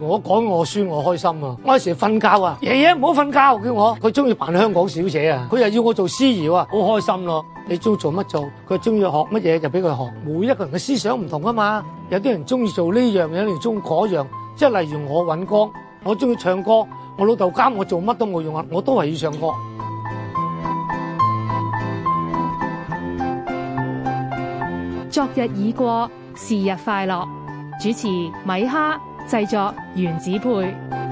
我講我輸我開心啊！我有時瞓覺啊，爺爺唔好瞓覺我叫我。佢中意扮香港小姐啊，佢又要我做司儀啊，好開心咯，啊。你中意做乜做？佢中意學乜嘢就俾佢學。每一個人嘅思想唔同啊嘛。有啲人中意做呢樣嘢，有啲人中意嗰樣。即係例如我尹光，我中意唱歌。我老豆監我做乜都冇用啊。我都係要唱歌。昨日已過，是日快樂。主持米哈。製作原子配。